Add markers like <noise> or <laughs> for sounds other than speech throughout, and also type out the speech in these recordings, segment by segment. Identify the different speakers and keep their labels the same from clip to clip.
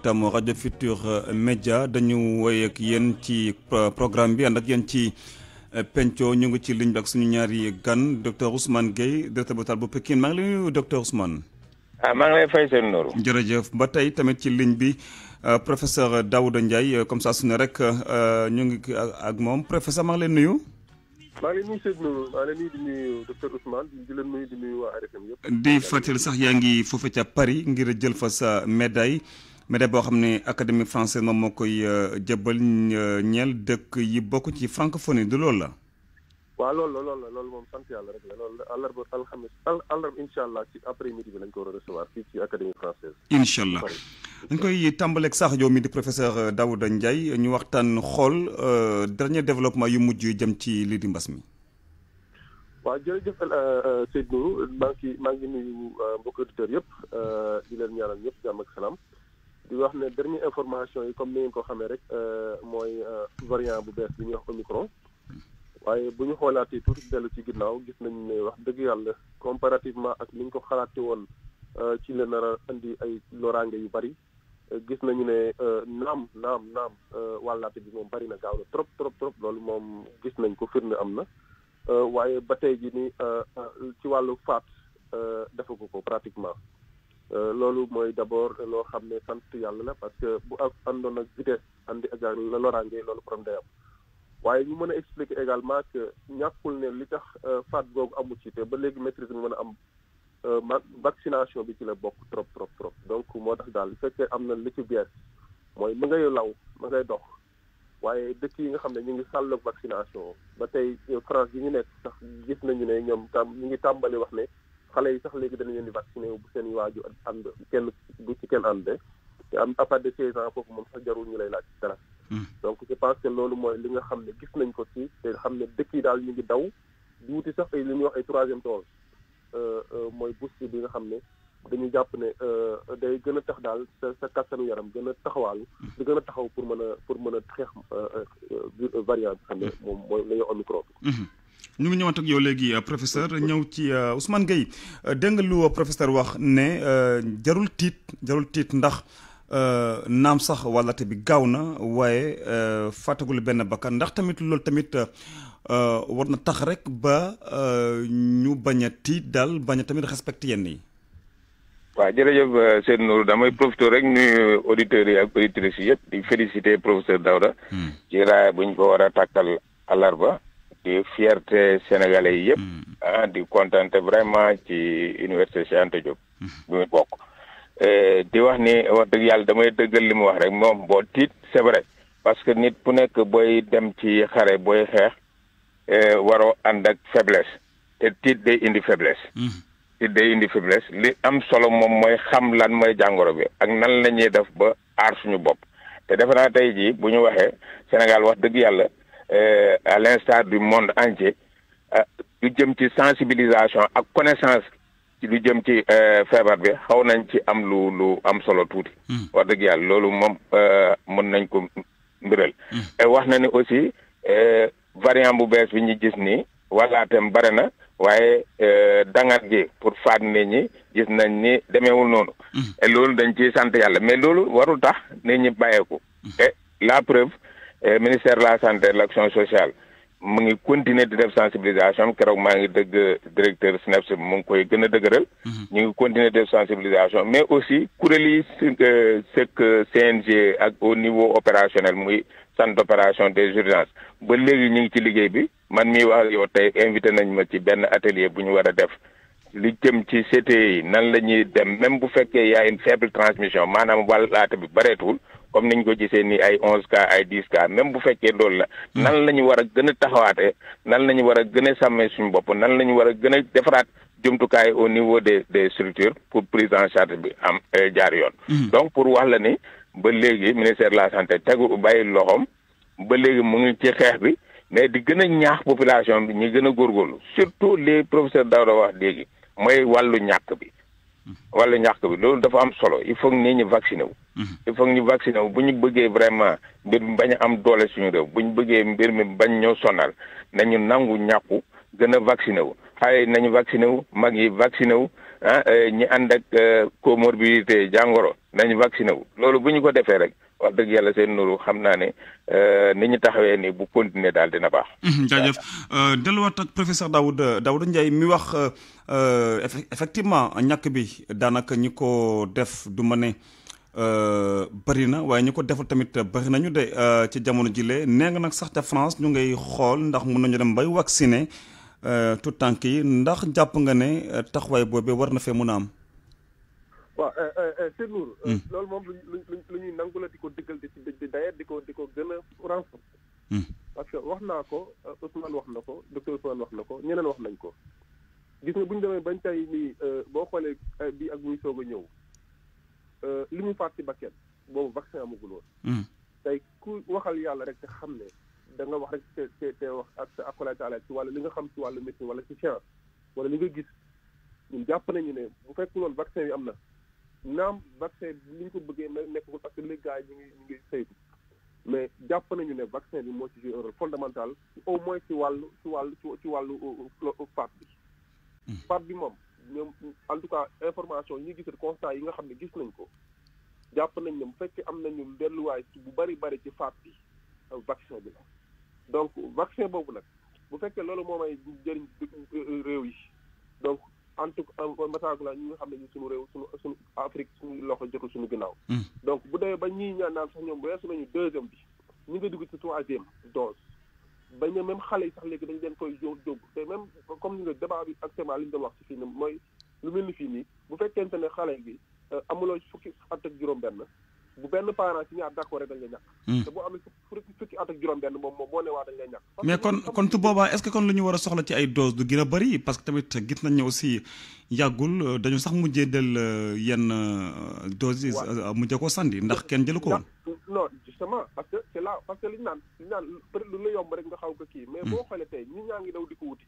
Speaker 1: tam radio futur eh, media dañu woy ak yeen ci eh, programme bi andak yeen ci eh, pencho ñu ngi ci ligne bak suñu ñaar yi gan docteur Ousmane Gueye directeur bu bu Pekin maa ngi lay docteur Ousmane ah maa ngi lay fay seen nooru jërëjëf ba tay tamit ci ligne bi professeur Daoud Ndiaye comme ça suñu rek ñu ngi ak mom professeur maa ngi lay nuyu
Speaker 2: maa ngi nuyu Seydou Nourou maa ngi di nuyu docteur Ousmane di leen nuyu di nuyu waa RFM
Speaker 1: yëpp di fàttali sax yaa ngi foofu Paris ngir jël fa sa médaille médaille boo xam ne académie française moom moo koy euh, jëbal euh, ñeel dëkk yi bokk ci francophonie du loolu la.
Speaker 2: waaw lool la lool la loolu moom sant yàlla rek la loolu àllarba alxames àllarba incha allah ci après midi bi lañ ko war a recevoir fii ci
Speaker 1: allah dañ koy tàmbaleeg sax yow mi di professeur euh, Daouda Ndiaye ñu waxtaan xool dernier développement yu mujj yu jëm ci lii di mbas mi.
Speaker 2: waaw jërëjëf Seydou Nourou maa ngi maa ngi nuyu mbokki auditeurs yëpp di leen ñaanal yëpp jàmm ak salaam. di wax ne dernière information yi comme ni ngeen ko xamee rek euh, mooy euh, variant bu bees bi ñuy wax omicron waaye bu ñu xoolaatee tuuti dellu ci ginnaaw gis nañu ne wax dëgg yàlla comparativement ak ni ñu ko xalaate woon euh, ci la nar indi ay loraange yu bari gis nañu ne naam naam naam wàllaate bi moom bari na gaaw na trop trop trop loolu moom gis nañ ko firnde am na waaye ba tey ji ni ci wàllu faat defagu ko pratiquement Euh, loolu mooy d' abord loo xam ne sant yàlla la parce que bu ak àndoon ak vitesse andi ak la loraange loolu problème day am waaye ñu mën a expliquer également que ñàkkul ne li tax euh, faat googu amu ci te ba léegi maîtrise bi mën a am euh, vaccination bi ci la bokk trop trop trop donc moo tax daal fekkee am na li ci bees mooy mu ngay law ma ngay dox waaye dëkk yi nga xam ne ñu ngi sàlloog vaccination ba tey France bi ñu nekk sax gis nañu ne ñoom tam ñu ngi tàmbali wax ne xale yi sax léegi dañu leen di vacciné bu seen i waaju ànd kenn bu ci kenn ànd te am à partir de seize ans foofu moom sax jarul ñu lay laaj dara hmm. donc je pense loolu mooy li nga xam ne gis nañ ko ci te xam ne dëkk yi daal ñu ngi daw di wuti sax ay li ñuy wax ay troisième dose euh, euh, mooy boost bi nga xam ne dañu jàpp ne euh, day gën a tax daal sa sa kàttanu yaram gën a taxawaalu hmm. di gën a taxaw pour mën a pour mën a xeex variant bi xam ne hmm. moom mooy la ñu omicron
Speaker 1: ñu ngi ñëwaat ak yow léegi euh, professeur ñëw ci euh, Ousmane Gueye euh, dégg nga lu professeur wax ne jarul tiit jarul tiit ndax naam sax wàllate bi gaaw na waaye fàttagul benn bakkan ndax tamit loolu tamit war na tax rek ba ñu bañ a tiit daal bañ tamit respecté yenn yi.
Speaker 3: waaw jërëjëf seen Nour damay profité rek nuyu auditeurs yi ak auditrices yi yëpp di féliciter professeur Daouda. Hmm. ci raaya bu ñu ko war a tàkkal àllarba. di fierté sénégalais yi yëpp. Mm. ah di kontaan vraiment ci université Cheikh Anta Diop. Mm. bi mu bokk. Eh, di wax ni wax dëgg yàlla damay dëggal li mu wax rek moom boo tiit c'est parce que nit bu nekk booy dem ci xare booy xeex eh, waroo ànd ak faiblesse te tiit day indi faiblesse. Mm. tiit day indi faiblesse li am solo moom mooy xam lan mooy jàngoro bi ak nan la ñuy def ba aar suñu bopp te defe naa tey jii ñu waxee Sénégal wax dëgg yàlla. Euh, à l'instar du monde entier euh, lu jëm ci sensibilisation ak connaissance ci lu jëm ci euh, feebar bi xaw nañ ci am lu lu am solo tuuti. Hmm. wax dëgg yàlla loolu moom mën nañ ko mbiral. Hmm. wax na ni aussi variant bu bees bi ñu gis nii wallaateem bare na waaye dangat gi pour faat nit ñi gis nañ ni demeewul noonu. Hmm. loolu dañ ci sant yàlla mais loolu warul tax nit ñi bàyyeeku. et la preuve. Eh, ministère la santé l'action sociale mu ngi continuer di def sensibilisation keroog maa ngi dëgg directeur SNEPS mu ngi koy gën a dëgëral. Mhm. ñu ngi continuer def sensibilisation mais aussi kuréel yi euh, sëkk CNG ak au niveau opérationnel muy centre d'opération des urgences ba léegi ñu ngi ci liggéey bi man mii wax yow invité nañ ma ci benn atelier bu ñu war a def. li jëm ci CTE yi nan la ñuy dem même bu fekkee y une faible transmission maanaam wàllaate bi bareetul comme niñ ko gisee ni ay onze cas ay dix cas même bu fekkee loolu la hmm. nan la ñu war a gën a taxawaatee nan la ñu war a gën a sàmmee suñu bopp nan la ñu war a gën a defaraat jumtukaay au niveau des des structures pour prise en charge bi am euh, jaar yoon hmm. donc pour wax la ni ba léegi ministère de la santé tegu bàyyi loxoom ba léegi mu ngi ci xeex bi mais di gën a ñaax population bi ñu gën a góorgóorlu surtout les professeurs Daouda wax léegi mooy wàllu ñàkk bi wala ñàkk bi loolu dafa am solo il faut que nit ñi vacciné wu. Mhm. il faut que ñu bu ñu bëggee vraiment mbir mi bañ am doole suñu réew bu ñu bëggee mbir mi bañ ñoo sonal nañu nangu ñàkku gën a vacciné wu xale yi nañu vacciné wu mag yi vacciné wu ah eh, ñi ànd ak eh, comorbidité jàngoro nañu vacciné wu loolu bu ñu ko defee rek. wax dëgg yàlla seen nuru xam naa ne eh, ni ñu taxawee ni bu continuer daal dina baax.
Speaker 1: Mhm, jaajëf euh, delluwaat ak professeur Daouda Daouda Ndiaye mi wax euh, Euh, effectivement ñàkk bi daanaka ñi ko def du ma ne euh, bari na waaye ñi ko deful tamit bari nañu de euh, ci jamono jile nee nga nag sax te France ñu ngay xool ndax mun nañu dem bay vacciné tout tànk yi ndax jàpp nga ne taxawaay boobee war na fee mun a am.
Speaker 2: waaw Seydou Nour. Hmm. loolu moom lu ñuy lu ñuy nangu la di ko dëggal di di d'ailleurs di ko di ko gën a renforcer. Hmm. parce que wax naa ko Ousmane wax na ko docteur Ousmane wax na ko ñeneen wax nañ ko. gis nga bu ñu demee bañ tey nii euh, boo xoolee euh, bi ak muy soog a ñëw euh, li muy faat ci bakket boobu vaccin amagul woon. Hmm. tey ku waxal yàlla rek te xam ne da nga wax rek te te wax ak sa akulaay taala ci wàllu li nga xam ci wàllu médecine wala ci science wala li nga gis ñun jàpp nañu ne bu fekkul woon vaccin bi am na naam vaccin bi li ñu ko bëggee nekkul parce que les gars yi ñu ngi ñu ngi saytu mais jàpp nañu ne vaccin bi moo ci joué un rôle fondamental au moins ci wàllu ci wàllu ci bi. par bi moom ñoom en tout cas information ñu gis constat yi nga xam ne gis nañ ko jàpp nañ ne bu fekkee am nañu delluwaay bu bari bari ci faat bi euh, vaccin bi la donc vaccin boobu nag bu fekkee loolu moo may jëriñ euh, réew yi donc en tout cas la ñu nga xam ne ñu suñu réew suñu suñu Afrique suñu loxo jotul suñu ginnaaw mm. donc bu dee ba ñii ñaan naan sax ñoom weesu nañu deuxième bi ñu nga dugg ci troisième dose bañ a même xale yi sax léegi dañ leen koy jóg jóg te même comme ni nga débat bi actuellement li ñu doon wax ci fii nii mooy lu mel ni fii nii bu fekkente ne xale bi euh, amuloo fukki at juróom-benn bu benn parent ci ñaar d'accord rek dañ lay ñàkk. Hmm. te boo amee fukki fukki at ak juróom-benn dañ lay ñàkk.
Speaker 1: mais kon kon tu boobaa est-ce que kon lu ñu war a soxla ci ay doses du gën a bëri parce que tamit gis nañ ne aussi yàggul euh, dañu sax mujjee del euh, yenn doses yi. waaw ko koo sandi ndax kenn jëlu ko woon.
Speaker 2: la parce que li ñu naan li ñu naan peut être lu la yomb rek nga xaw ko kii. mais hmm. boo xoolee tey ñun ñaa ngi daw di ko wuti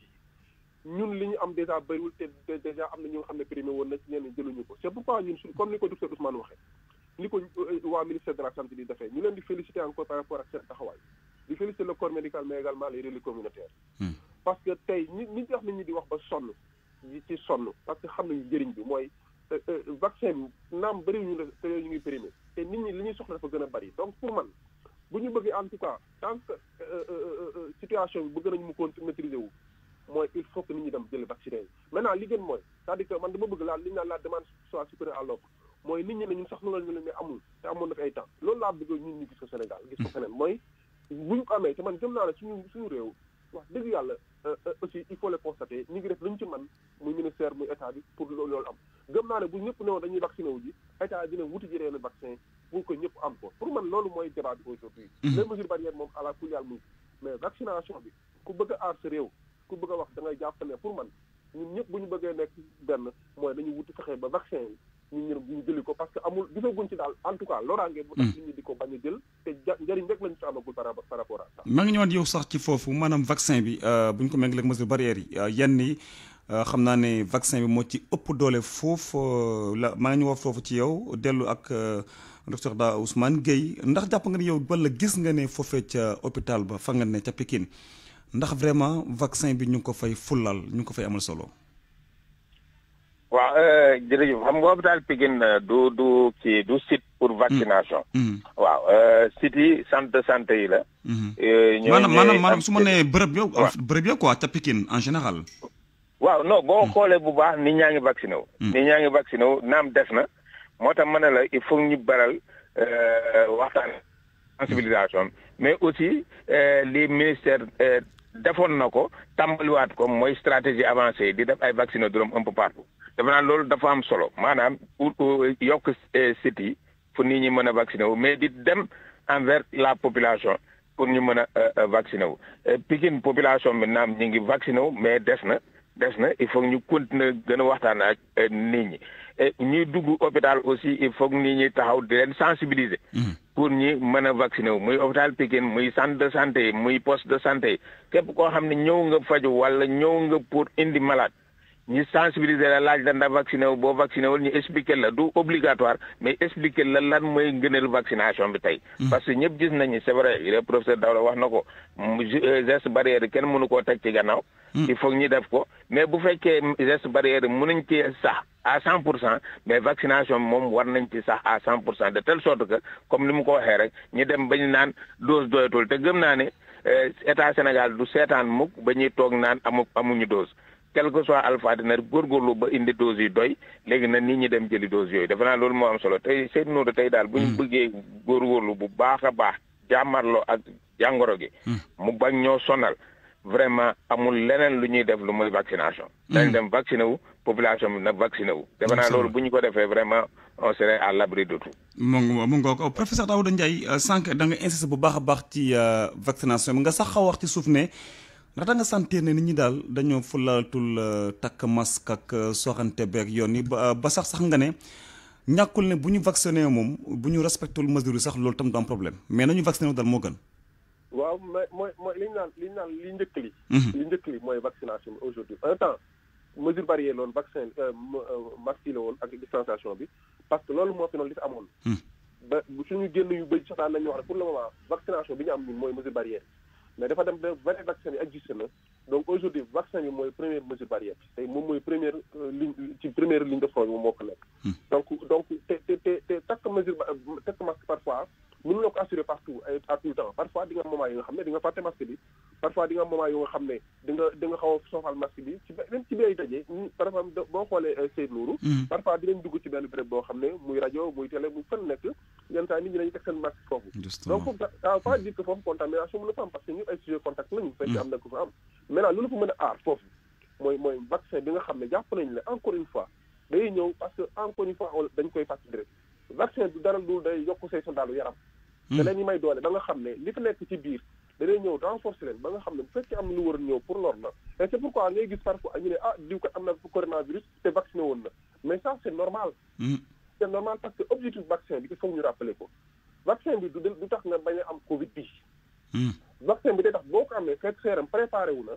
Speaker 2: ñun li ñu am dèjà bëriwul te dèjà am na ñu nga xam ne primé woon na ci ñenn jëluñu ko. c' est pourquoi ñun comme ni ko docteur Ousmane waxee ni ko euh, waa ministère de la santé di defee ñu leen di féliciter encore par rapport ak seen taxawaay di féliciter le médical mais également les relais communautaires. Hmm. parce que tey ñi ñi nga xam ne ñu di wax ba sonn ci sonn parce que xam nañu njëriñ bi mooy. Euh, euh, naam bëriwuñu la ñu ngi périmé nit ñi li ñuy soxla dafa gën a bëri donc pour man bu ñu bëggee en tout cas tant que euh, euh, euh, situation bi bëgg nañu mu continuer maîtriser wu mooy il faut que nit ñi dem jël vacciné yi maintenant li gën mooy c'est-à-dire que man dama bëgg la li ñu la demande soit supérieure à l'offre mooy nit ñi ne ñun sax nu la ñu ne amul te amoon na fi ay temps loolu laa bëgg ñun ñu gis ko Sénégal gis ko mm. feneen mooy buñ ko amee te man gëm naa la suñu suñu réew wax dëgg yàlla aussi il faut le constater ñu ngi def luñ ci man muy ministère muy état bi pour loolu am gëm naa ne bu ñëpp ne dañuy vacciné wu ji état dina wuti ji reen vaccin pour que ñëpp am ko pour man loolu mooy débat bi aujourd'hui mhm. les mesures barrières moom à la kuliyal mu mais vaccination bi ku bëgg a aar sa réew ku bëgg a wax da ngay jàpp ne pour man ñun ñëpp bu ñu bëggee nekk benn mooy dañu wut fexe ba vaccin yi ñu ñë ñu jëli ko parce que amul gisaguñ ci daal en tout cas loraange bu tax mhm. nit ñi di ko bañ a jël te njëriñ rek lañ ci amagul par
Speaker 1: rapport à ça maa ngi ñëwaat yow sax ci foofu maanaam vaccin bi euh, bu ñu ko méngaleeg mesures barrières yi euh, yenn yi euh, xam naa ne vaccin bi moo ci ëpp doole foofu la maa ngi ñëwaat foofu ci yow dellu ak docteur Da Ousmane géey ndax jàpp nga ne yow wala gis nga ne foofee ca hôpital ba fa nga ne ca Pikine ndax vraiment vaccin bi ñu ko fay fulal ñu ngi ko fay amal solo.
Speaker 3: waaw euh, jërëjëf xam nga hôpital Pikine euh, du du kii du sit pour mm. vaccination. Mm. waaw euh, site yi sante de santé yi la. Mm-hmm. ñooñu maanaam maanaam su
Speaker 1: ma nee bërëb yow. bërëb yow quoi ca Pikine en général.
Speaker 3: waaw non boo mm. xoolee bu baax nit ñaa ngi vacciné wu. nit ñaa ngi vacciné wu naam des na. moo tax ma ne la il foog ñu baral euh, waxtaan sensibilisation mais aussi euh, li ministère euh, defoon na ko tàmbaliwaat ko mooy stratégie avancée di def ay vaccinodrome un peu partout dafa loolu dafa am solo maanaam pour yokk sites yi pour nit ñi mën a vacciné wu mais di dem envers la population pour ñu mën a vacciné wu Pikine population bi naam ñu ngi vacciné wu mais des na des na il foog ñu continuer gën a waxtaan ak euh, nit ñi ñuy dugg hôpital aussi il foog nit ñi taxaw di leen sensibiliser. Mm-hmm. pour ñi mën a vacciner wu muy hôpital Pikine muy centre de santé muy poste de santé képp koo xam ni ñëw nga faju wala ñëw nga pour indi malade. ñu sensibiliser la laaj la ndax vacciné wu boo vacciné wul ñu expliquer la du obligatoire mais expliquer la lan mooy ngëneelu vaccination bi tey. Hmm. parce que ñëpp gis nañu c'est vrai le professeur Daouda wax na ko euh, geste barrière yi kenn mënu koo teg ci gannaaw. Hmm. il faut ñu def ko mais bu fekkee geste barrière yi mënuñ ci sax. à cent pour cent mais vaccination moom war nañ ci sax à cent pour cent de telle sorte que comme ni mu ko waxee rek ñu dem ba ñu naan dose doyatul te gëm naa ne euh, état Sénégal du seetaan mukk ba ñuy toog naan amu amuñu dose. quel que soit alpha dina góorgóorlu ba indi dose yi doy léegi na nit ñi dem jëli dose yooyu defe naa loolu moo am solo tey seen nootu tey daal. bu ñu góor góorgóorlu bu baax a baax jàmmarloo ak jàngoro gi. Hmm. mu bañ ñoo sonal vraiment amul leneen lu ñuy def lu muy vaccination. dañ hmm. dem vacciné wu population bi nag vacciné wu. defe naa loolu bu ñu ko defee vraiment on serait à l'abri de tout.
Speaker 1: mu ngi mu ngi ko professeur Daouda Ndiaye euh, sànq da nga insisté bu baax a baax ci euh, vaccination bi nga sax xaw wax ci suuf ne. ndax nga sentir ne nit ñi daal dañoo fulaatul euh, takk masque ak euh, soxante beeg yoon yi ba euh, ba sax sax nga ne ñàkkul ne bu ñu vacciné moom bu ñu respectul mesure yi sax loolu tam du am mais nañu vacciné daal moo gën.
Speaker 2: waaw mais mooy mooy li ñu naan li njëkk li. Mhm. li njëkk mooy vaccination bi aujourd'hui un temps mesure barrière loolu vaccin masque woon ak distanciation bi parce que loolu moo fi noonu li fi amoon. Mhm. ba suñu génn yu bëri sax nañu wax ne pour le moment vaccination bi ñu am ñun mooy mesure barrière. mais dafa dem ba vaccin donc aujourd'hui vaccin est première mesure barrière C'est tey première ligne de front donc donc te mesure parfois mënuloo ko assurer partout euh, à tout temps parfois di nga am moment yi nga xam ne di nga fàtte masque bi parfois di nga am xam ne di xaw a soofal masque bi ci même ci biir daje par boo xoolee euh, Seydou Nourou mm-hmm. parfois dinañ dugg ci benn béréb boo xam ne muy rajo muy télé muy fan nekk yenn saa nit ñi dañuy teg seen masque foofu donc ça pas dire que foofu contamination mën a fa am parce que ñu ay sujet contact lañu fekk mm-hmm. am na ko am maintenant loolu ko mën a aar foofu mooy mooy vaccin du dara lu day yokk say soldaalu yaram. Hmm. te leen ñi may doole ba nga xam ne li fi nekk ci biir danay ñëw renforcer leen ba nga xam ne bu fekkee am lu war ñëw pour lor la et c'est pourquoi ngay gis parfois ñu ne ah diw kat am na coronavirus te vacciné woon na mais ça c'est normal. Hmm. c'est normal parce que objectif vaccin bi il faut ñu rappeler ko. vaccin bi du tax nga bañ a am Covid bi. Hmm. vaccin bi day tax boo ko amee fekk seeram préparé wu na.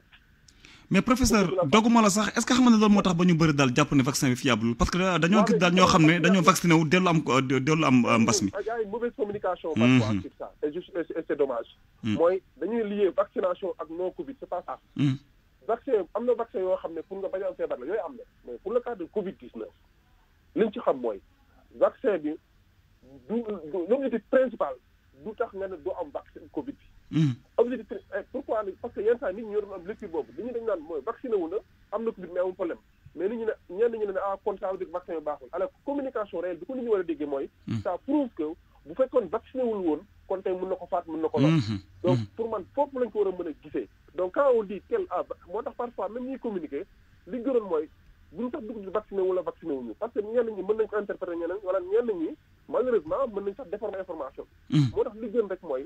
Speaker 1: mais professeur doguma la sax est-ce que xam nga ne loolu moo tax ba ñu bëri daal jàpp ne vaccin bi fiable parce que dañoo gis dal ñoo xamné ne dañoo vacciné wu dellu am delu am euh, mbas mi.
Speaker 2: mauvaise communication. parfois sur mhm. ça et juste c'est dommage. moy mhm. dañuy lier vaccination ak non Covid c'est pas ça. Mhm. vaccin am na vaccin yo xamné pour nga bañal a am la yooyu am na mais pour le cas de Covid 19 liñ ci xam moy vaccin bi du l'objectif principal du tax nga ne do am vaccin Covid bi. objectif mm. eh, pourquoi parce que yenn saa nit ñi ñoo am lecture boobu li dañ naan mooy vacciné wu na am na ko biir mais amul problème mais nit ñi ne ñenn ñu ne ah kon ça veut dire vaccin baaxul alors communication réelle bi ko nit ñi war a déggee mooy mm. ça prouve que bu fekkoon vacciné wul woon kon tey mën na ko faat mën na ko lor
Speaker 4: mm-hmm. donc mm-hmm.
Speaker 2: pour man foofu lañ ko war a mën a gisee donc quand on dit ah moo tax parfois même ñuy communiquer li gënoon mooy buñu sax que ñenn ñi mën nañ ko interpréter ñeneen wala ñenn ñi malheureusement mën sax déformer information mm. moo tax li gën rek mooy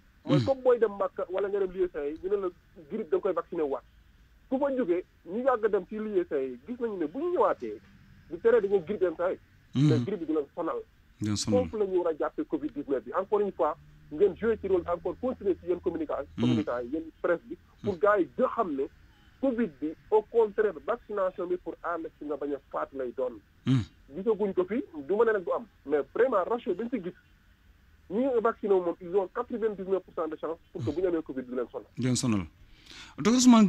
Speaker 2: mooy comme booy dem màkk wala nga dem lieu saint yi ñu ne la grip da nga koy vacciné waat ku fa jógee ñu yàgg dem ci lieu saint yi gis nañu ne bu ñu ñëwaatee du teree dañuy grippe dem sax hmm. mais grippe bi du leen sonal foofu la ñu war a jàppee covid bi encore une fois ngeen joué ci rôle encore continuer ci yéen communication hmm. communicants yi yéen presse bi hmm. pour gars yi da xam ne covid bi au contraire vaccination bi pour ànd ci nga bañ a faat lay doon gisaguñ ko fi du ma ne nag du am mais vraiment ratio bi ñu gis ñi vacciné wu moom ils ont quatre vingt dix neuf pour cent de chance pour que bu leen sonal.
Speaker 1: du leen sonal docteur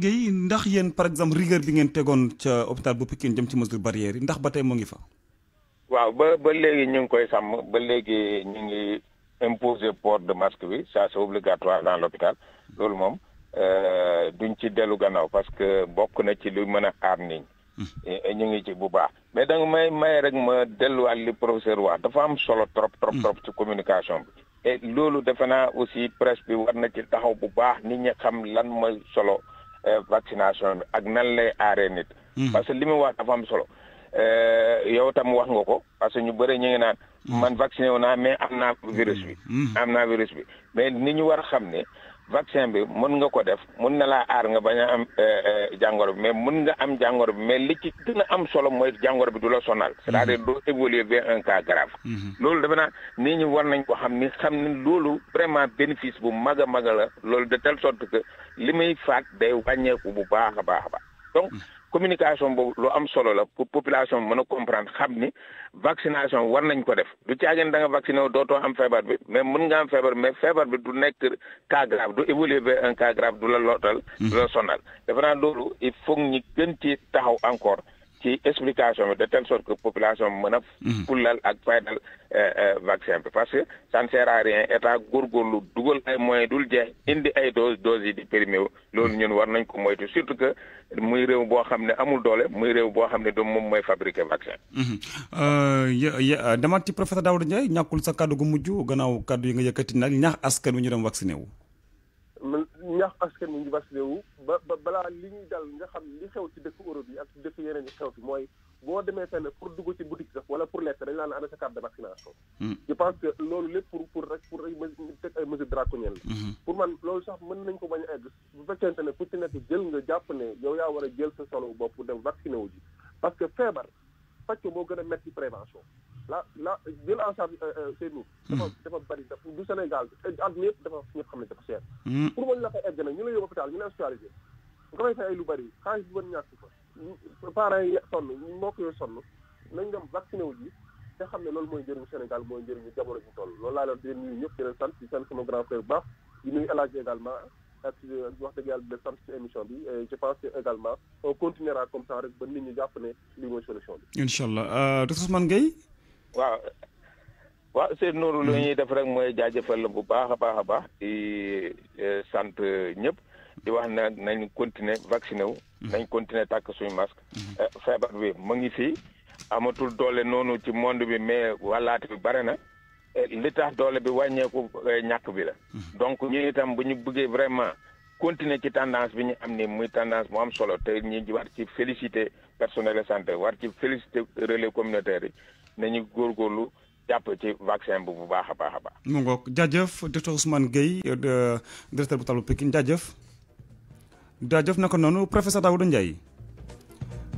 Speaker 1: ndax yéen par exemple rigueur bi ngeen tegoon ca hôpital bu Pikine jëm ci mesure barrière yi ndax ba tey moo ngi fa.
Speaker 3: waaw ba ba léegi ñu ngi koy sàmm ba léegi ñu ngi imposer port de masque bi ça c'est obligatoire dans l'hôpital loolu moom euh, duñ ci dellu gannaaw parce que bokk na ci lu mën a xaar nit Eh, eh, ñu ngi ci bu baax mais danga may may rek ma delluwaat li professeur wax dafa am solo trop trop trop ci communication bi et loolu defe naa aussi presse bi war na ci taxaw bu baax nit ñi xam lan mooy solo eh, vaccination bi ak nan lay aaree nit hmm. parce que li mu wax dafa am solo e yow tam wax nga ko parce que ñu bëri ñu ngi naan hmm. man vacciné wu naa mais am na virus bi hmm. am naa virus bi mais ni ñu war a xam ne vaccin bi mën nga ko def mën na laa aar nga bañ a am eh, eh, jàngoro bi mais mën nga am jàngoro bi mais li ci gën am solo mooy jàngoro bi du la sonal. Mhm. c'est-à-dire doo évoluer vers un cas grave. Mhm. loolu dafa naa ni ñi war nañ ko xam ni xam ni loolu vraiment bénéfice bu mag a mag la loolu de telle sorte que li may faat day wàññeeku bu baax a baax a baax donc. Mhm. communication boobu lu am solo la pour population mën a comprendre xam ni vaccination war nañ ko def du caageen da nga vacciné wu dootoo am feebar bi mais mën nga am feebar mais feebar bi du nekk cas grave du évoluer vers un cas du la lootal. du la mhm. sonal. defe naa loolu il faut ñu gën ci taxaw encore. ci explication bi de telle sorte que population bi mën a mhm. fulal ak faydal euh, euh, vaccin bi parce que ça ne sert à rien dugal ay moyens dul jeex indi ay dose dose yi di périmé wu loolu ñun war nañ ko moytu surtout que muy réew boo xam ne amul doole muy réew boo xam ne du moom mooy fabriquer vaccin
Speaker 1: mhm. euh, demaat ci professeur Daouda Ndiaye ñàkkul sa kàddu gu mujj gannaaw kàddu yi nga yëkkati nag ñax askan wi ñu dem vacciné wu
Speaker 2: ñaax askan wi ñu vacciné wu ba ba balaa li ñu dal nga xam li xew ci dëkk Europe yi ak dëkk yeneen yi xew fi mooy boo demee fenn pour dugg ci boutique sax wala pour lekk dañ laa ne ana sa carte de vaccination. Hmm. je loolu lépp pour pour rek pour ay teg ay hmm. pour man loolu sax mën nañ ko bañ a egg bu fekkente ne ku ci jël nga jàpp ne yow yaa war a jël sa solo bopp dem vacciné wu ji parce que feebar faj ko boo gën a metti prévention. la la jël en charge euh, euh, Seydou. Hmm. dafa dafa bari dafa du Sénégal àdduna yëpp dafa ñëpp xam ne dafa cher. Hmm. pour ma ñu la fay egg nag ñu la yóbbu hôpital ñu la hospitalisé nga yi mbokk yooyu sonn nañ dem vacciné wu ji te xam ne loolu mooy njëriñu Sénégal mooy njëriñu jamono ji toll loolu laa leen di nuyu ñëpp di leen sant di sant sama grand frère bu baax di nuyu El Hadj également ak euh, wax dëgg yàlla di leen sant ci émission bi je pense que également on continuera comme ça rek ba nit ñi jàpp ne lii mooy solution bi.
Speaker 1: incha allah docteur Ousmane Gueye
Speaker 3: waaw waaw seen nooru lu ñuy def rek mooy jaajëfal la bu baax a baax a baax di eh, sant ñëpp di wax ne nañ continuer vacciné mm-hmm. nañ continuer tàkk suñu masque mm-hmm. eh, feebar bi mu ngi fi amatul doole noonu ci monde bi mais wallaat bi bare na eh, li tax doole bi wàññeeku ñàkk bi la mm-hmm. donc ñu itam bu ñu buggee vraiment continuer ci tendance bi ñu am ni muy tendance mu am solo te ñi war ci féliciter personnel de santé war ci féliciter relais communautaire yi nañu góorgóorlu jàpp ci vaccin bu bu baax a baax a baax.
Speaker 1: mu ngoog jaajëf docteur Ousmane Gueye euh, de directeur bu talu Pikine jaajëf jaajëf naka noonu professeur Daouda Ndiaye.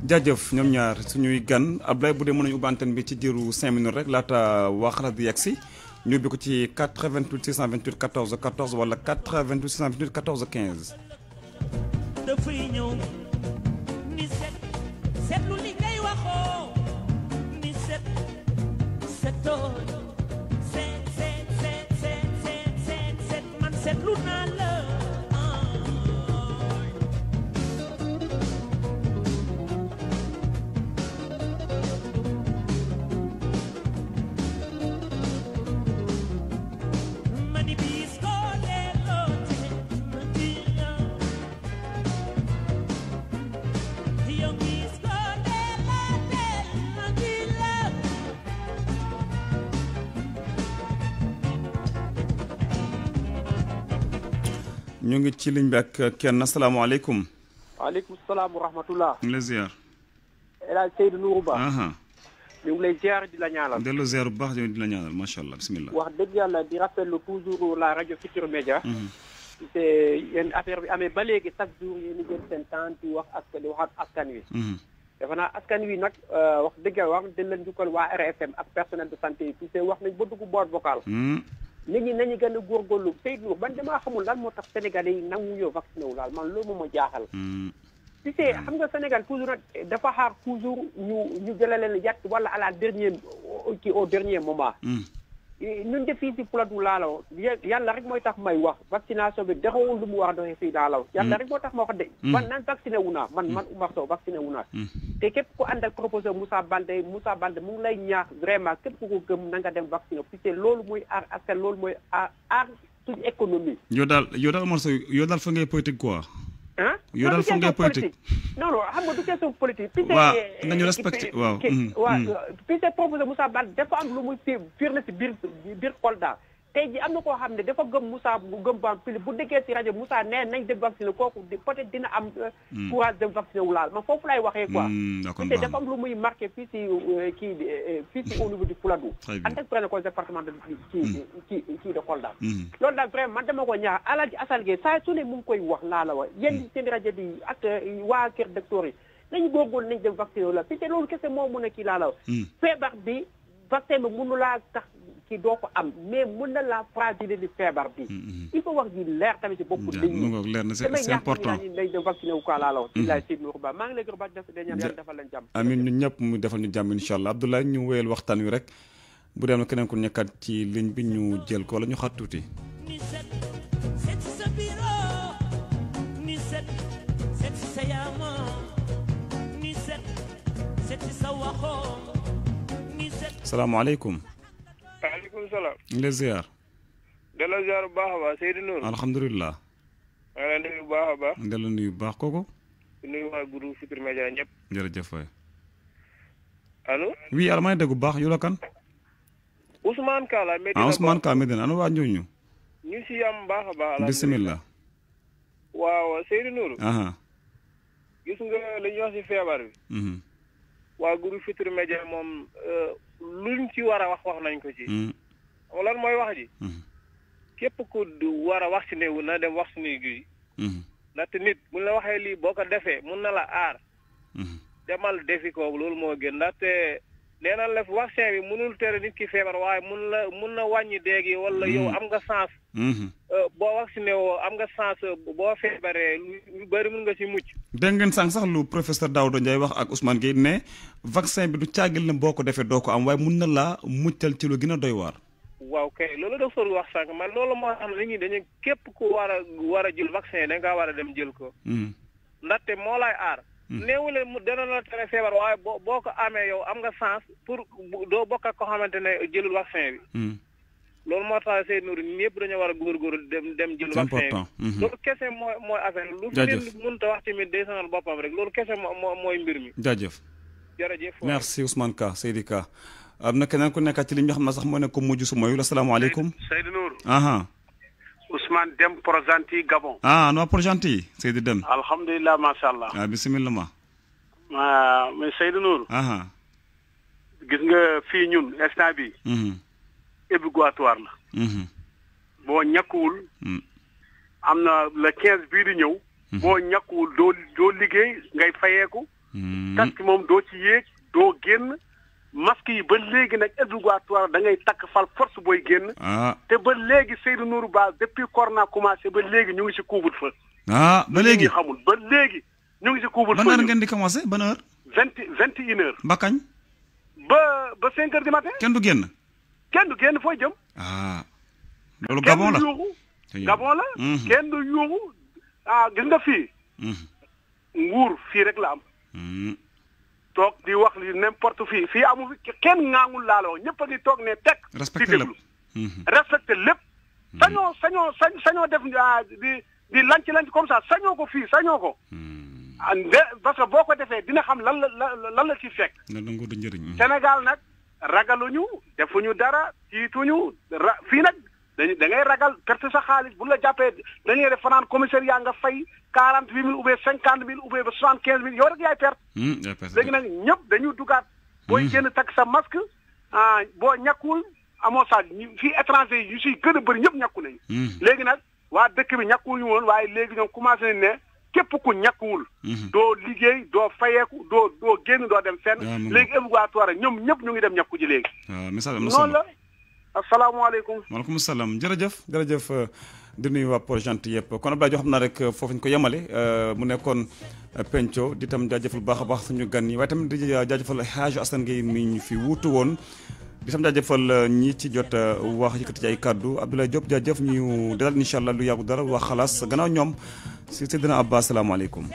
Speaker 1: jaajëf ñoom ñaar suñuy gan Abdoulaye bu dee mën nañu ubbi antenne bi ci diiru 5 minutes rek laata waa xalaat yegg si ñu ubbi ko ci 88 14 14 wala 88 628 14 15.
Speaker 5: Set, set, set, set, set, set, set, man, set lunar.
Speaker 1: ñu ngi ci ligne bi ak kenn asalaamaaleykum.
Speaker 5: waaleykum salaam wa rahmatulah. ñu ngi lay ziar. El Hadj Seydou Nourou Ba. ñu lay ziar di la ñaanal. delloo
Speaker 1: ziar bu di la ñaanal wax
Speaker 5: dëgg yàlla di rafetlu toujours la rajo Futurs Médias. Mhm. te yéen affaire bi amee ba léegi chaque jour yéen a jël seen wax ak di waxaat askan wi. Mhm. defe naa askan wi nag euh, wax dëgg yàlla wax dëgg la njukkal waa RFM ak personnel de santé yi tout wax nañ ba dugg boîte vocale. Mhm. nit ñi nañu gën a góorgóorlu Seydou man damaa xamul lan moo tax sénégale yi nangu ñoo vacciné wu daal man loolu moom ma jaaxal. Mm. tu sais xam nga Sénégal toujours nag dafa xaar toujours ñu ñu jëlee leen yàq wala à la dernière kii au dernier moment. Mm. Eh, ñun de fii si platu laalo yàlla rek mooy tax may wax vaccination bi dexawul lu mu wax a doxee fii laalaw mm. yàlla rek moo tax ma wax de mm. man naan vacciné wu naa man mm. man Oumar Sow vacciné wu naa te képp ku ànd a proposé Moussa Baldé Moussa Baldé mu ngi lay ñaax vraiment képp ku ko gëm na nga dem vacciné puisque loolu mooy aar askan loolu mooy aar aar suñu économie
Speaker 1: yoo daal yoo daal Oumar Sow yoo daal fa politique quoi
Speaker 5: ah yow daal foog nga politique non non xam nga du question politique. waaw nañu respecté waaw. waaw euh, puis c'est proposé Moussa Baldé dafa am lu muy firnde si biir biir Kolda. tey ji am na koo xam ne dafa gëm Moussa bu gëm vaccine bu déggee si rajo Moussa nee nañ dem vacciner kooku peut-être dina am euh, hmm. a dem vacciner wu laal man foofu laay waxee quoi hmm, te dafa am lu muy marqué fii euh, euh, <laughs> si hmm. kii de Kolda su ne mu koy wax laa la wax yéen seen rajo bi ak waa kër docteur yi nañ góorgóorlu nañ dem vacciner wu laal fi te loolu kese moo mun a kii laa la feebar bi vaccin bi mënu laa tax ki do ko am mais mun na laa fragiliser feebar bi mm-hmm. il faut wax di leer tamit ci bopp nit ñi
Speaker 1: leer na c'est important damay
Speaker 5: ñaax ñu vacciné ko ala law ci billahi sidi nour ba maa ngi lay gërba def de ñaan yalla defal lañ jàmm
Speaker 1: amin ñu ñep mu defal ñu jàmm inshallah abdoulay ñu wéyal waxtan yu rek bu dem keneen ku ci ligne bi ñu jël ko la ñu xat tuti salaamaaleykum waaleykum salaam. nga ziar.
Speaker 6: delloo ziar bu baax a baax Seydou Nour.
Speaker 1: alhamdulilah.
Speaker 6: nuyu baax a baax.
Speaker 1: nuyu kooku.
Speaker 6: nuyu waa groupe Futurs Médias ñëpp. jërëjëf waay. allo.
Speaker 1: oui dégg bu baax yow la kan.
Speaker 6: Ousmane Ka la Medina. ah Ousmane
Speaker 1: Ka waa ñooñu.
Speaker 6: ñu si am baax a baax. bisimilah. waaw Seydou Nour. gis nga li wax si feebar bi. Mhm. waa groupe Futurs Médias moom euh, luñ ci war wax wax nañ ko ci. Mhm. lan mooy wax ji. Mhm. képp ku war a wax vacciné wu na dem vacciné gi. Mhm. ndaxte nit buñ la waxee lii boo ko defee mun na la aar. Mhm. demal defi ko loolu moo gën ndaxte nee na la vaccin bi mënul tere nit ki feebar waaye mun la mun na wàññi déeg yi wala yow am nga sens.
Speaker 1: Euh,
Speaker 6: boo wax ne woo am nga sens boo feebaree lu bëri mun nga ci mucc.
Speaker 1: dégg ngeen sànq sax lu professeur Daouda Ndiaye wax ak usman Gueye ne vaccin bi du caagil ne boo ko defee doo ko am waaye mun na laa muccal ci lu gën a doy waar.
Speaker 6: waaw kay loolu docteur wax sànq man loolu moo xam nit ñi dañu képp ku war a war a jël vaccin da nga war a dem jël ko hmm. ndaxte moo lay aar hmm. néewule mu dana la tere feebar waaye boo boo ko amee yow am nga sens pour doo bokk ak koo xamante ne jëlul vaccin bi hmm. loolu moo tax seen nuru ñëpp dañu war a góorgóorlu dem dem jël vaccin bi loolu kese mooy mooy affaire lu leen mënta wax tamit day sonal boppam rek loolu kese moo mooy mbir mi jërëjëf jërëjëf
Speaker 1: merci Ousmane Ka Seydou Ka am na keneen ku nekk ci li ñu sax moo nekk ko mujj su moyul asalaamaaleykum.
Speaker 7: Seydou Nour. Ousmane Dem Projanti Gabon.
Speaker 1: ah non Projanti Seydou Dem.
Speaker 7: alhamdulilah macha allah. ah
Speaker 1: bisimilah ma.
Speaker 7: ah mais Seydou Nour. gis nga fii ñun instant bi obligatoire mhm. la. Mhm. boo ñàkkuwul. Mm. am na le quinze bii di ñëw. Mhm. boo ñàkkuwul doo doo liggéey ngay fayeeku. Mm. tax moom doo ci yéeg doo génn. masque yi ba léegi nag obligatoire da ngay takk fal force booy génn. Ah. te ba léegi Seydou Nourou Ba depuis corona commencé ba léegi ñu ngi si couvre-feu.
Speaker 1: ah ba léegi
Speaker 7: xamul ba léegi ñu ngi si couvre-feu. ban heure ngeen
Speaker 1: di commencé ban heure.
Speaker 7: vingt vingt et une heures. ba kañ. ba ba cinq heures du matin. kenn du génn. kenn du génn fooy jëm. ah loolu Gabon la mhm. kenn du yuuxu Gabon ah, gis nga fii. Mhm. nguur fii rek la am. Mhm. toog di wax li n'importe fii fii amu fi kenn ŋaangul laaloo ñëpp a toog ne teg. respecté lépp di déglu mhm. respecté lépp. Mhm. sañoo sañoo sañ sañoo def ah, di di lanc lanc comme ça sañoo ko fii sañoo ko. Mhm. parce que boo ko defee dina xam lan la lan la ci fekk. lan la ngóor njëriñ. Sénégal nag ragaluñu defuñu dara tiituñu ra fii nag dañuy da ngay ragal perte sa xaalis bu la jàppee dañuy def fanaan commissaire yaa nga fay quarante huit mille oubien cinquante mille oubien ba soixante quinze mille yow rek yaay perte. Hmm, yaay perte léegi nag ñëpp dañuy dugaat. booy hmm. génn takk sa masque ah boo ñàkkul amoo saa fii étranger yi ñu siy gën a bëri ñëpp ñàkku nañu. Hmm. léegi nag waa dëkk bi ñàkkuwuñu woon waaye léegi ñoom commencé nañ ne képp ku wul doo liggéey doo fayeeku doo doo génn doo dem fenn. Ah, léegi évacuatoire ñoom ñëpp ñu ngi dem ñàkku ji léegi.
Speaker 1: waaw ah, message am na solo noonu la
Speaker 7: asalaamaaleykum.
Speaker 1: maaleykum salaam jërëjëf jërëjëf. Euh, di nuyu waa Port Gentil yëpp kon Abdoulaye xam naa rek foofu ñu ko yemale euh, mu nekkoon euh, penco di tam jaajëfal baax a baax suñu gan yi waaye tamit di jaajëfal xaaju Assane Gueye mi ñu fi wuutu woon di tam jaajëfal euh, ñi ci jot wax yëkkati ci ay kàddu Abdoulaye Diop jaajëf ñu dalal incha allah lu yàggu dara wax xalaas gannaaw ñoom si Seydina Abba asalaamaaleykum